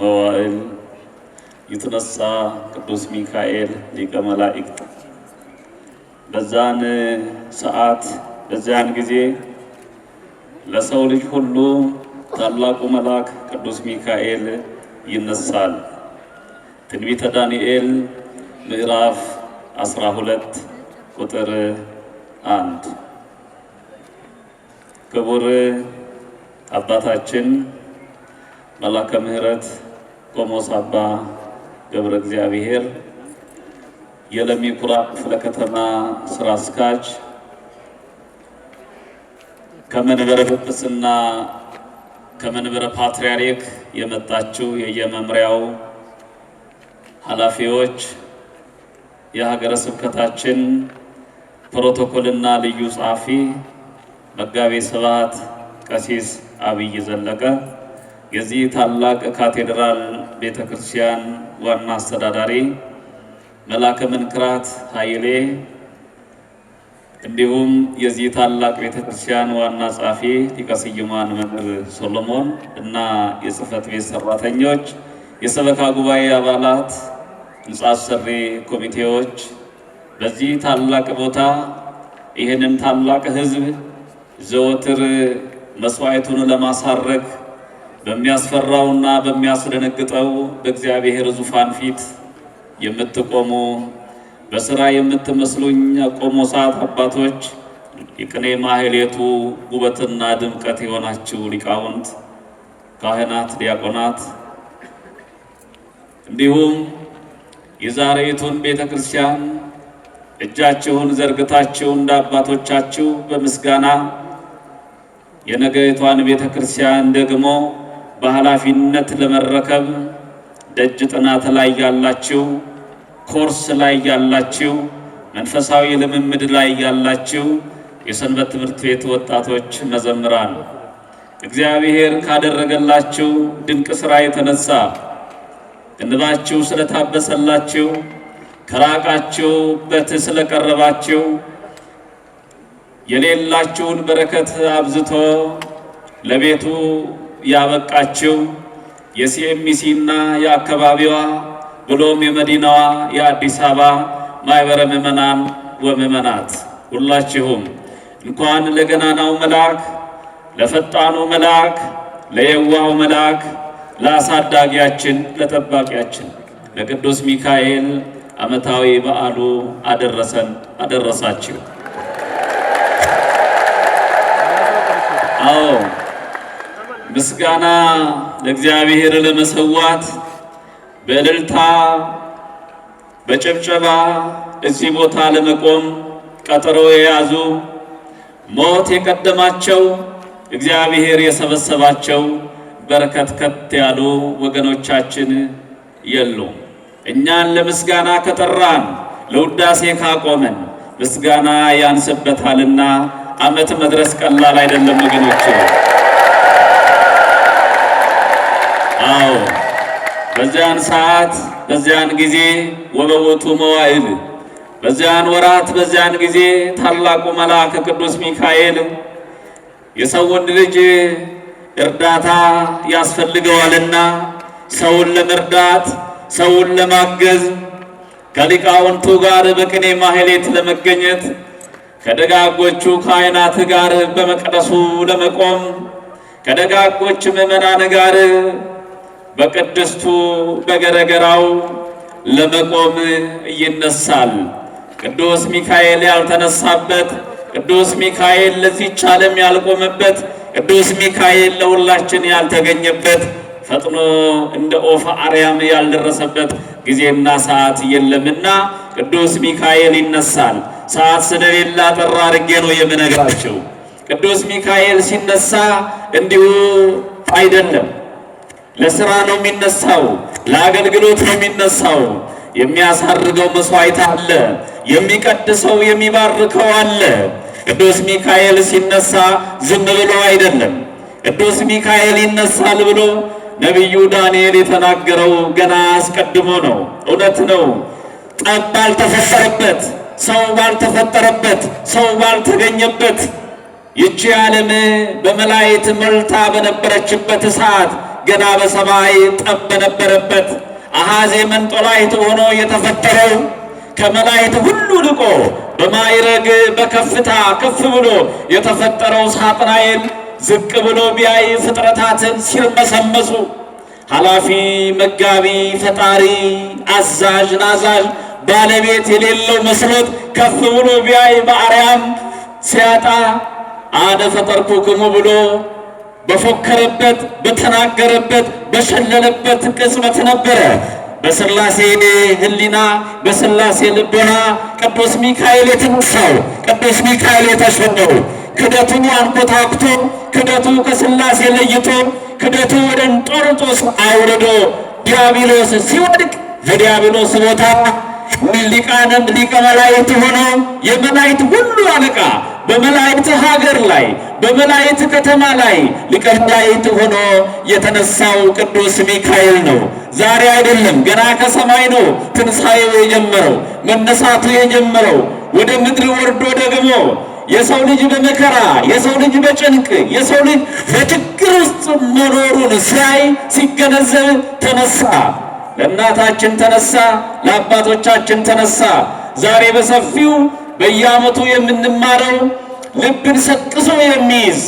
መዋዕል ይትነሳ ቅዱስ ሚካኤል ሊቀ መላእክት። በዛን ሰዓት በዚያን ጊዜ ለሰው ልጅ ሁሉ ታላቁ መልአክ ቅዱስ ሚካኤል ይነሳል። ትንቢተ ዳንኤል ምዕራፍ 12 ቁጥር አንድ ክቡር አባታችን መላከ ምሕረት ቆሞስ አባ ገብረ እግዚአብሔር የለሚ ኩራ ክፍለ ከተማ ስራ አስኪያጅ ከመንበረ ጵጵስና ከመንበረ ፓትርያርክ የመጣችው የየመምሪያው ኃላፊዎች፣ የሀገረ ስብከታችን ፕሮቶኮልና ልዩ ጸሐፊ መጋቤ ስብሐት ቀሲስ አብይ ዘለቀ የዚህ ታላቅ ካቴድራል ቤተ ክርስቲያን ዋና አስተዳዳሪ መላከ ምንክራት ኃይሌ እንዲሁም የዚህ ታላቅ ቤተ ክርስቲያን ዋና ጸሐፊ ሊቀ ስዩማን መምህር ሶሎሞን እና የጽህፈት ቤት ሰራተኞች፣ የሰበካ ጉባኤ አባላት፣ ሕንፃ አሰሪ ኮሚቴዎች በዚህ ታላቅ ቦታ ይህንን ታላቅ ህዝብ ዘወትር መስዋዕቱን ለማሳረግ በሚያስፈራውና በሚያስደነግጠው በእግዚአብሔር ዙፋን ፊት የምትቆሙ በስራ የምትመስሉኝ ቆሞሳት አባቶች፣ የቅኔ ማህሌቱ ውበትና ድምቀት የሆናችሁ ሊቃውንት፣ ካህናት፣ ዲያቆናት እንዲሁም የዛሬቱን ቤተ ክርስቲያን እጃችሁን ዘርግታችሁ እንደ አባቶቻችሁ በምስጋና የነገሪቷን ቤተ ክርስቲያን ደግሞ በኃላፊነት ለመረከብ ደጅ ጥናት ላይ ያላችሁ፣ ኮርስ ላይ ያላችሁ፣ መንፈሳዊ ልምምድ ላይ ያላችሁ የሰንበት ትምህርት ቤት ወጣቶች መዘምራን እግዚአብሔር ካደረገላችሁ ድንቅ ሥራ የተነሳ እንባችሁ ስለታበሰላችሁ ከራቃችሁበት ስለቀረባችሁ የሌላችሁን በረከት አብዝቶ ለቤቱ ያበቃችው የሲኤምሲና የአካባቢዋ ብሎም የመዲናዋ የአዲስ አበባ ማኅበረ ምዕመናን ወምዕመናት ሁላችሁም እንኳን ለገናናው መልአክ ለፈጣኑ መልአክ ለየዋው መልአክ ለአሳዳጊያችን ለጠባቂያችን ለቅዱስ ሚካኤል ዓመታዊ በዓሉ አደረሰን አደረሳችሁ። አዎ ምስጋና ለእግዚአብሔር ለመሰዋት በእልልታ በጭብጨባ እዚህ ቦታ ለመቆም ቀጠሮ የያዙ ሞት የቀደማቸው እግዚአብሔር የሰበሰባቸው በረከት ከት ያሉ ወገኖቻችን የሉ። እኛን ለምስጋና ከጠራን ለውዳሴ ካቆመን ምስጋና ያንስበታልና ዓመት መድረስ ቀላል አይደለም ወገኖች። አዎ በዚያን ሰዓት በዚያን ጊዜ ወበወቱ መዋዕል በዚያን ወራት በዚያን ጊዜ ታላቁ መልአክ ቅዱስ ሚካኤል የሰውን ልጅ እርዳታ ያስፈልገዋልና ሰውን ለመርዳት ሰውን ለማገዝ ከሊቃውንቱ ጋር በቅኔ ማህሌት ለመገኘት ከደጋጎቹ ካህናት ጋር በመቅደሱ ለመቆም ከደጋጎች ምዕመናን ጋር በቅድስቱ በገረገራው ለመቆም ይነሳል። ቅዱስ ሚካኤል ያልተነሳበት፣ ቅዱስ ሚካኤል ለዚች ዓለም ያልቆመበት፣ ቅዱስ ሚካኤል ለሁላችን ያልተገኘበት ፈጥኖ እንደ ኦፈ አርያም ያልደረሰበት ጊዜና ሰዓት የለምና ቅዱስ ሚካኤል ይነሳል። ሰዓት ስለሌላ ጠራ አድርጌ ነው የምነግራቸው። ቅዱስ ሚካኤል ሲነሳ እንዲሁ አይደለም። ለስራ ነው የሚነሳው፣ ለአገልግሎት ነው የሚነሳው። የሚያሳርገው መስዋዕት አለ፣ የሚቀድሰው የሚባርከው አለ። ቅዱስ ሚካኤል ሲነሳ ዝም ብሎ አይደለም። ቅዱስ ሚካኤል ይነሳል ብሎ ነቢዩ ዳንኤል የተናገረው ገና አስቀድሞ ነው። እውነት ነው። ጠብ ባልተፈጠረበት፣ ሰው ባልተፈጠረበት፣ ሰው ባልተገኘበት፣ ይቺ ዓለም በመላእክት ሞልታ በነበረችበት ሰዓት ገና በሰማይ ጠብ በነበረበት አሃዜ መንጦላይት ሆኖ የተፈጠረው ከመላእክት ሁሉ ልቆ በማይረግ በከፍታ ከፍ ብሎ የተፈጠረው ሳጥናኤል ዝቅ ብሎ ቢያይ ፍጥረታትን ሲርመሰመሱ ኃላፊ፣ መጋቢ፣ ፈጣሪ፣ አዛዥ፣ ናዛዥ ባለቤት የሌለው መስሎት ከፍ ብሎ ቢያይ በአርያም ሲያጣ አነ ፈጠርኩክሙ ብሎ በፎከረበት በተናገረበት በሸለለበት ቅጽበት ነበረ። በስላሴ ህሊና በስላሴ ልቦና ቅዱስ ሚካኤል የተነሳው ቅዱስ ሚካኤል የተሸነው ክደቱ አንኮታኩቶ ክደቱ ከስላሴ ለይቶ ክደቱ ወደ እንጦርጦስ አውርዶ ዲያብሎስ ሲወድቅ በዲያብሎስ ቦታ ሊቃነም ሊቀ መላእክት ሆኖ የመላእክት ሁሉ አለቃ በመላእክት ሀገር ላይ በመላእክት ከተማ ላይ ሊቀ መላእክት ሆኖ የተነሳው ቅዱስ ሚካኤል ነው። ዛሬ አይደለም፣ ገና ከሰማይ ነው ትንሣኤው የጀመረው መነሳቱ የጀመረው ወደ ምድር ወርዶ ደግሞ የሰው ልጅ በመከራ የሰው ልጅ በጭንቅ የሰው ልጅ በችግር ውስጥ መኖሩን ሲያይ ሲገነዘብ ተነሳ። ለእናታችን ተነሳ፣ ለአባቶቻችን ተነሳ። ዛሬ በሰፊው በየዓመቱ የምንማረው ልብን ሰቅሶ የሚይዝ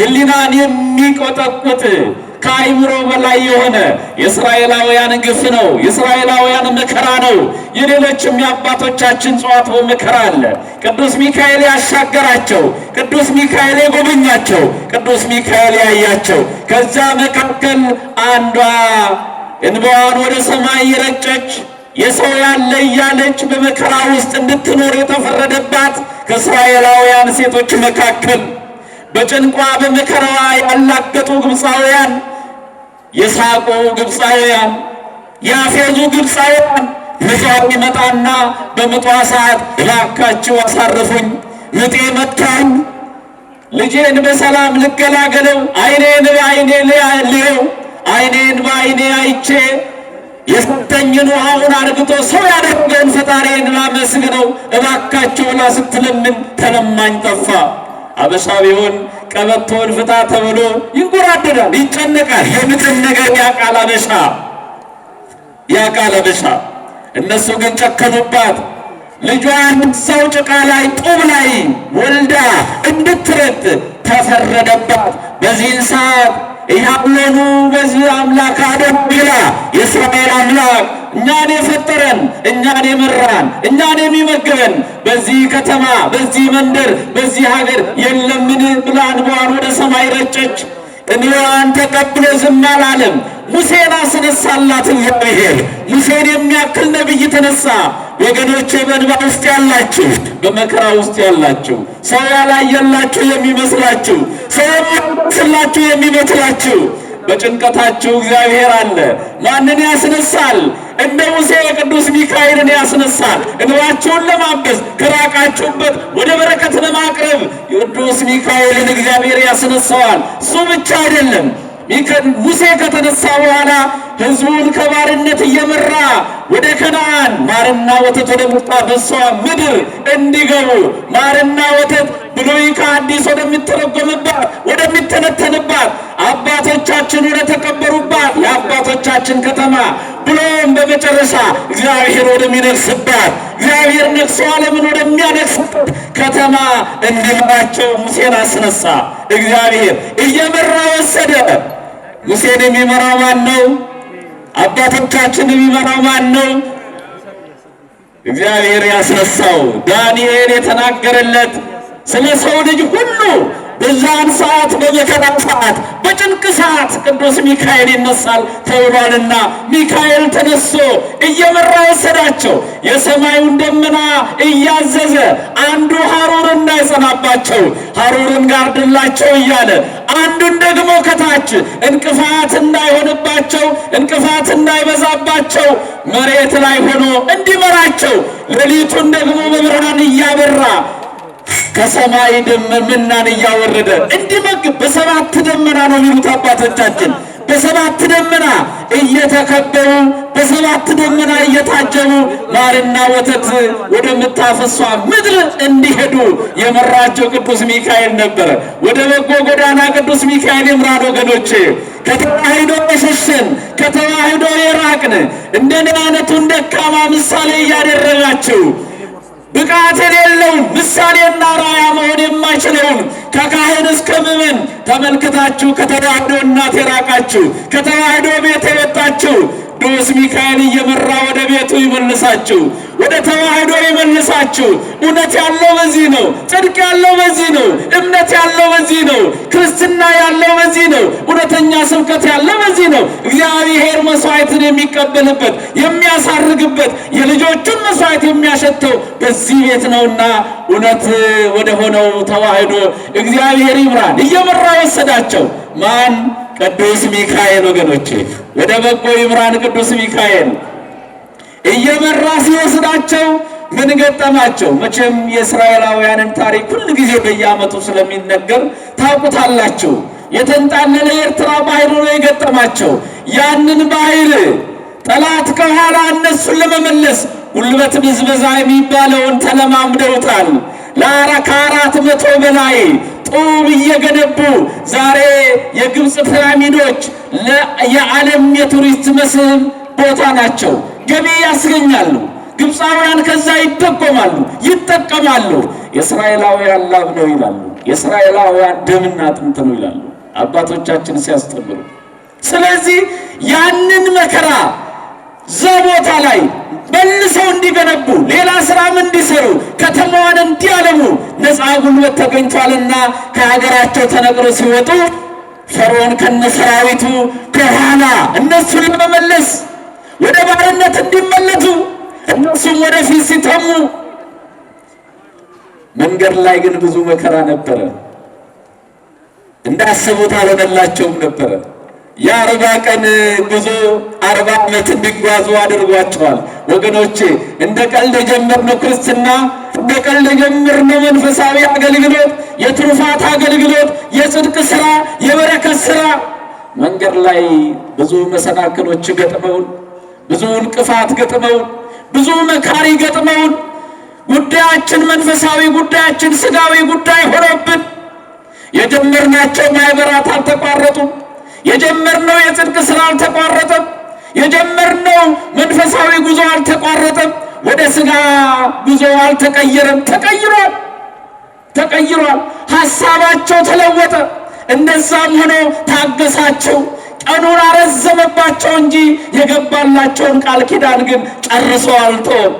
ህሊናን የሚቆጠቁጥ ከአይምሮ በላይ የሆነ የእስራኤላውያን ግፍ ነው። የእስራኤላውያን መከራ ነው። የሌሎችም የአባቶቻችን ጽዋት መከራ አለ። ቅዱስ ሚካኤል ያሻገራቸው፣ ቅዱስ ሚካኤል የጎበኛቸው፣ ቅዱስ ሚካኤል ያያቸው ከዛ መካከል አንዷ እንባዋን ወደ ሰማይ የረጨች የሰው ያለ እያለች በመከራ ውስጥ እንድትኖር የተፈረደባት ከእስራኤላውያን ሴቶች መካከል በጭንቋ በመከራዋ ያላገጡ ግብፃውያን፣ የሳቁ ግብፃውያን፣ ያፌዙ ግብፃውያን ምጧ ይመጣና በምጧ ሰዓት እባካችሁ አሳርፉኝ፣ ምጤ መታኝ፣ ልጄን በሰላም ልገላገለው፣ አይኔን በአይኔ ልየው አይኔን በአይኔ አይቼ የሰጠኝን ውሃውን አርግቶ ሰው ያደረገውን ፈጣሪን ላመስግነው እባካቸው ብላ ስትለምን ተለማኝ ጠፋ። አበሻ ቢሆን ቀበቶን ፍታ ተብሎ ይንጎራደዳል፣ ይጨነቃል። የምጥን ነገር ያቃል አበሻ ያቃል አበሻ። እነሱ ግን ጨከኑባት። ልጇን ሰው ጭቃ ላይ ጡብ ላይ ወልዳ እንድትረት ተፈረደባት። በዚህን ሰዓት እያመኑ በዚህ አምላክ አደም ቢላ የእስራኤል አምላክ እኛን የፈጠረን እኛን የመራን እኛን የሚመግበን በዚህ ከተማ በዚህ መንደር በዚህ ሀገር የለምን ብላን እንባዋን ወደ ሰማይ ረጨች። እኔዋን ተቀብሎ ዝም አላለም። ሙሴን አስነሳላት እግዚአብሔር። ሙሴን የሚያክል ነቢይ ተነሳ። ወገኖቼ በድባ ውስጥ ያላችሁ፣ በመከራ ውስጥ ያላችሁ፣ ሰው ያላየላችሁ የሚመስላችሁ፣ ሰው ስላችሁ የሚመስላችሁ በጭንቀታችሁ እግዚአብሔር አለ። ማንን ያስነሳል? እንደ ሙሴ ቅዱስ ሚካኤልን ያስነሳል። እንባችሁን ለማበስ ከራቃችሁበት ወደ በረከት ለማቅረብ ቅዱስ ሚካኤልን እግዚአብሔር ያስነሳዋል። እሱ ብቻ አይደለም። ሙሴ ከተነሳ በኋላ ህዝቡን ከባርነት እየመራ ወደ ከነዓን ማርና ወተት ወደምታፈሷ ምድር እንዲገቡ ማርና ወተት ብሉይ ከአዲስ ወደሚተረጎምባት ወደሚተነተንባት አባቶቻችን ወደተቀበሩባት የአባቶቻችን ከተማ ብሎም በመጨረሻ እግዚአብሔር ወደሚነግስባት እግዚአብሔር ነግሶ ዓለምን ወደሚያነግስበት ከተማ እንዲመራቸው ሙሴን አስነሳ። እግዚአብሔር እየመራ ወሰደ። ሙሴን የሚመራ ማን ነው? አባቶቻችን የሚመራው ማን ነው? እግዚአብሔር ያስነሳው ዳንኤል የተናገረለት ስለ ሰው ልጅ ሁሉ በዚያን ሰዓት በየከራው ሰዓት በጭንቅ ሰዓት ቅዱስ ሚካኤል ይነሳል ተብሏልና ሚካኤል ተነሶ እየመራ ወሰዳቸው። የሰማዩን ደመና እያዘዘ አንዱ ሐሩር እንዳይጸናባቸው ሐሩርን ጋርድላቸው እያለ አንዱን ደግሞ ከታች እንቅፋት እንዳይሆንባቸው እንቅፋት እንዳይበዛባቸው መሬት ላይ ሆኖ እንዲመራቸው ሌሊቱን ደግሞ በብርሃን እያበራ ከሰማይ መናን እያወረደ እንዲመግብ በሰባት ደመና ነው የሚሉት አባቶቻችን። በሰባት ደመና እየተከበሩ በሰባት ደመና እየታጀቡ ማርና ወተት ወደምታፈሷ ምድር እንዲሄዱ የመራቸው ቅዱስ ሚካኤል ነበር ወደ በጎ ጎዳና ቅዱስ ሚካኤል ይምራን ወገኖቼ። ከተዋህዶ የሸሸን ከተዋህዶ የራቅን እንደኔ አይነቱን ደካማ ምሳሌ እያደረጋችሁ ብቃት የሌለው ምሳሌና ራያ መሆን የማይችለውን ከካህን እስከ ምዕመን ተመልክታችሁ ከተዋህዶ እናት የራቃችሁ ከተዋህዶ ቤት የወጣችሁ ቅዱስ ሚካኤል እየመራ ወደ ቤቱ ይመልሳችሁ፣ ወደ ተዋህዶ ይመልሳችሁ። እውነት ያለው በዚህ ነው። ጽድቅ ያለው በዚህ ነው። እምነት ያለው በዚህ ነው። ክርስትና ያለው በዚህ ነው። እውነተኛ ስብከት ያለው በዚህ ነው። እግዚአብሔር መስዋዕትን የሚቀበልበት የሚያሳርግበት፣ የልጆቹን መስዋዕት የሚያሸተው በዚህ ቤት ነውና እውነት ወደ ሆነው ተዋህዶ እግዚአብሔር ይምራል። እየመራ ወሰዳቸው ማን ቅዱስ ሚካኤል ወገኖቼ፣ ወደ በጎ ይምራን ቅዱስ ሚካኤል። እየመራ ሲወስዳቸው ምን ገጠማቸው? መቼም የእስራኤላውያንን ታሪክ ሁል ጊዜ በየዓመቱ ስለሚነገር ታውቁታላችሁ። የተንጣለለ የኤርትራ ባሕር ነው የገጠማቸው ያንን ባሕር ጠላት ከኋላ እነሱን ለመመለስ ጉልበት ብዝበዛ የሚባለውን ተለማምደውታል። ከአራት መቶ በላይ ጡብ እየገነቡ ዛሬ የግብፅ ፒራሚዶች የዓለም የቱሪስት መስህብ ቦታ ናቸው። ገቢ ያስገኛሉ። ግብፃውያን ከዛ ይጠቆማሉ፣ ይጠቀማሉ። የእስራኤላውያን ላብ ነው ይላሉ። የእስራኤላውያን ደምና አጥንት ነው ይላሉ አባቶቻችን ሲያስተምሩ። ስለዚህ ያንን መከራ እዛ ቦታ ላይ መልሰው እንዲገነቡ ሌላ ስራም እንዲሰሩ ከተማዋን እንዲያለሙ ነፃ ጉልበት ተገኝቷልና ከሀገራቸው ተነግሮ ሲወጡ ፈርዖን ከነ ሰራዊቱ ከኋላ እነሱን ለመመለስ ወደ ባርነት እንዲመለሱ እነሱም ወደፊት ሲተሙ መንገድ ላይ ግን ብዙ መከራ ነበረ። እንዳሰቡት አልሆነላቸውም ነበረ። የአርባ ቀን ጉዞ አርባ ዓመት እንዲጓዙ አድርጓቸዋል። ወገኖቼ እንደ ቀልድ የጀመርነው ክርስትና እንደ ቀልድ የጀመርነው መንፈሳዊ አገልግሎት፣ የትሩፋት አገልግሎት፣ የጽድቅ ስራ፣ የበረከት ስራ መንገድ ላይ ብዙ መሰናክሎች ገጥመውን፣ ብዙ እንቅፋት ገጥመውን፣ ብዙ መካሪ ገጥመውን ጉዳያችን መንፈሳዊ ጉዳያችን ስጋዊ ጉዳይ ሆኖብን የጀመርናቸው ማህበራት አልተቋረጡም። የጀመርነው የጽድቅ ስራ አልተቋረጠም። የጀመርነው መንፈሳዊ ጉዞ አልተቋረጠም። ወደ ስጋ ጉዞ አልተቀየረም። ተቀይሯል ተቀይሯል። ሐሳባቸው ተለወጠ። እንደዛም ሆኖ ታገሳቸው። ቀኑን አረዘመባቸው እንጂ የገባላቸውን ቃል ኪዳን ግን ጨርሶ አልተወም።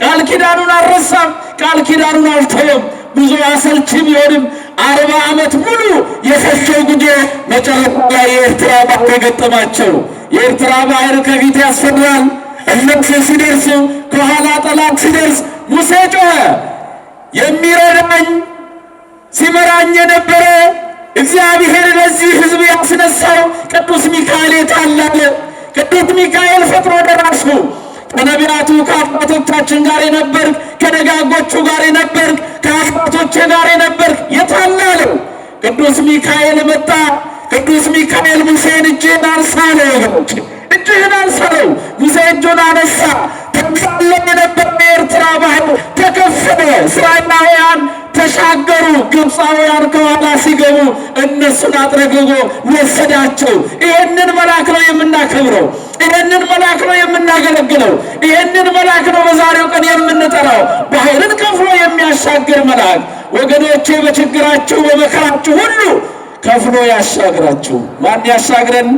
ቃል ኪዳኑን አልረሳም። ቃል ኪዳኑን አልተወም። ብዙ አሰልቺ ቢሆንም አርባ ዓመት ሙሉ የፈሰው ጉዞ መጨረሻ ላይ የኤርትራ ባህር የገጠማቸው የኤርትራ ባህር ከፊት ያስፈራል። እነሱ ሲደርሱ ከኋላ ጠላት ሲደርስ ሙሴ ጮኸ። የሚረዳኝ ሲመራኝ የነበረ እግዚአብሔር ለዚህ ሕዝብ ያስነሳው ቅዱስ ሚካኤል የታላለ ቅዱስ ሚካኤል ፈጥኖ ደራሽ ነው። ከነቢያቱ ከአባቶቻችን ጋር የነበርክ ከደጋጎቹ ጋር የነበርክ ከአባቶቼ ጋር የነበር የታላለው ቅዱስ ሚካኤል መጣ። ቅዱስ ሚካኤል ሙሴን እጅህን አንሳ አለ። ወገኖች እጅህን አንሳ ነው። ሙሴ እጁን አነሳ። ተንሳለ የነበረ ኤርትራ ግብፃውያን ከኋላ ሲገቡ እነሱን አጥረግጎ ወሰዳቸው። ይህንን መልአክ ነው የምናከብረው። ይህንን መልአክ ነው የምናገለግለው። ይህንን መልአክ ነው በዛሬው ቀን የምንጠራው፣ ባህርን ከፍሎ የሚያሻግር መልአክ። ወገኖቼ በችግራችሁ በመከራችሁ ሁሉ ከፍሎ ያሻግራችሁ። ማን ያሻግረን?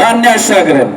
ማን ያሻግረን?